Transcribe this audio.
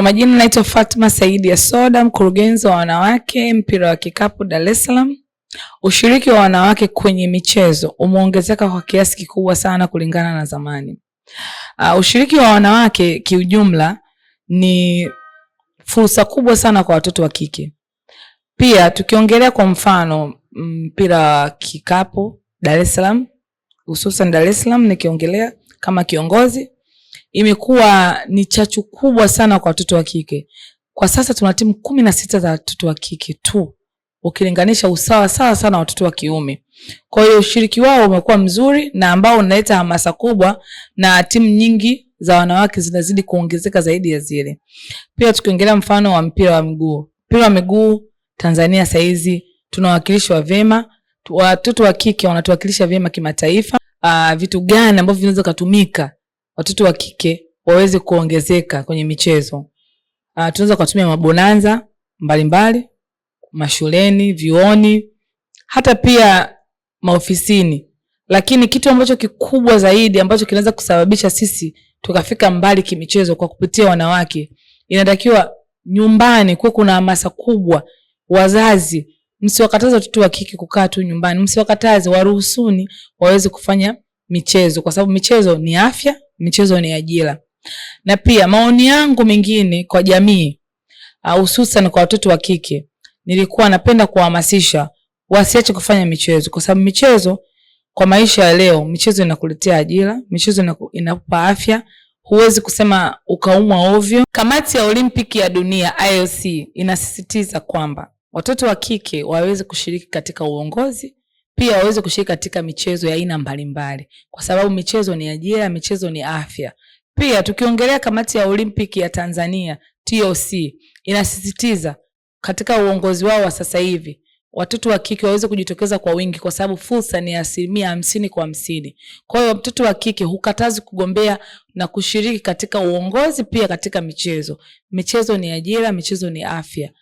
Kwa majina naitwa Fatma Saidi ya Soda, mkurugenzi wa wanawake mpira wa kikapu Dar es Salaam. Ushiriki wa wanawake kwenye michezo umeongezeka kwa kiasi kikubwa sana kulingana na zamani. Uh, ushiriki wa wanawake kiujumla ni fursa kubwa sana kwa watoto wa kike. Pia tukiongelea kwa mfano mpira wa kikapu Dar es Salaam, hususan Dar es Salaam nikiongelea kama kiongozi imekuwa ni chachu kubwa sana kwa watoto wa kike. Kwa sasa tuna timu kumi na sita za watoto wa kike tu ukilinganisha usawa sawa sana watoto wa kiume. Kwa hiyo ushiriki wao umekuwa mzuri na ambao unaleta hamasa kubwa, na timu nyingi za wanawake zinazidi kuongezeka zaidi ya zile. Pia tukiongelea mfano wa mpira wa miguu, mpira wa miguu Tanzania saizi tunawakilishwa vyema, watoto wa kike wanatuwakilisha vyema kimataifa. Uh, vitu gani ambavyo vinaweza kutumika watoto wa kike waweze kuongezeka kwenye michezo. Uh, tunaweza kuwatumia mabonanza mbalimbali mashuleni, vioni hata pia maofisini. Lakini kitu ambacho kikubwa zaidi ambacho kinaweza kusababisha sisi tukafika mbali kimichezo kwa kupitia wanawake, inatakiwa nyumbani kuwe kuna hamasa kubwa. Wazazi msiwakataze watoto wa kike kukaa tu nyumbani, msiwakataze, waruhusuni waweze kufanya michezo, kwa sababu michezo ni afya michezo ni ajira. Na pia maoni yangu mengine kwa jamii, ah, hususan uh, kwa watoto wa kike, nilikuwa napenda kuwahamasisha wasiache kufanya michezo, kwa sababu michezo kwa maisha ya leo, michezo inakuletea ajira, michezo inakupa afya huwezi kusema ukaumwa ovyo. Kamati ya Olimpiki ya Dunia IOC inasisitiza kwamba watoto wa kike waweze kushiriki katika uongozi, pia waweze kushiriki katika michezo ya aina mbalimbali, kwa sababu michezo ni ajira, michezo ni afya. Pia tukiongelea kamati ya Olimpiki ya Tanzania TOC inasisitiza katika uongozi wao wa sasa hivi watoto wa kike waweze kujitokeza kwa wingi, kwa sababu fursa ni asilimia hamsini kwa hamsini. Kwa hiyo mtoto wa kike hukatazi kugombea na kushiriki katika uongozi, pia katika michezo. Michezo ni ajira, michezo ni afya.